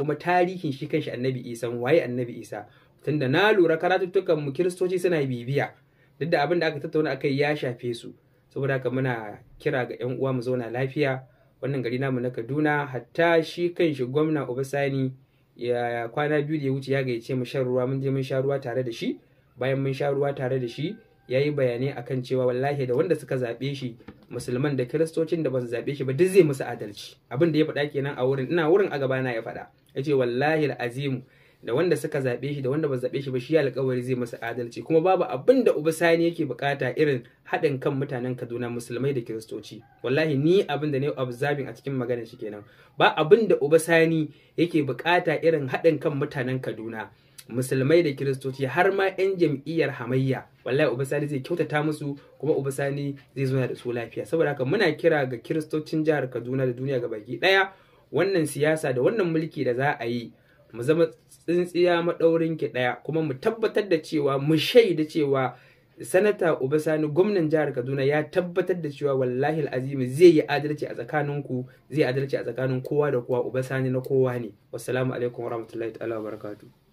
kuma tarihin shi kanshi annabi isa waye annabi isa tunda na lura karatuttukan mu kiristoci suna bibiya duk da abin da aka tattauna kai ya shafe su saboda haka muna kira ga yan uwa mu zauna lafiya wannan gari namu na Kaduna hatta shi kanshi gwamna Obasani ya kwana biyu da ya wuce ya gayyace mu shan ruwa mun je mun sha ruwa tare da shi bayan mun sha ruwa tare da shi ya yi bayanai akan cewa wallahi da wanda suka zaɓe shi musulman da kiristocin da ba su zaɓe shi ba duk zai musu adalci abin da ya faɗa kenan a wurin ina wurin a gabana ya faɗa ya ce wallahi azimu da wanda suka zaɓe shi da wanda ba zaɓe shi ba shi alƙawari zai masa adalci kuma babu abin da uba sani yake bukata irin haɗin kan mutanen kaduna musulmai da kiristoci wallahi ni abin da ne observing a cikin magana shi kenan ba abin da uba sani yake bukata irin haɗin kan mutanen kaduna musulmai da kiristoci har ma 'yan jam'iyyar hamayya wallahi Uba Sani zai kyautata musu kuma Uba Sani zai zo da su lafiya saboda haka muna kira ga kiristocin jihar kaduna da duniya ga baki ɗaya, wannan siyasa da wannan mulki da za a yi mu zama tsintsiya maɗaurin ɗaya kuma mu tabbatar da cewa mu shaida cewa sanata Sani gwamnan jihar kaduna ya tabbatar da cewa wallahi azimi zai yi adalci a tsakaninku zai adalci a tsakanin kowa da kowa Sani na kowa ne wassalamu alaikum warahmatullahi ta'ala wabarakatuh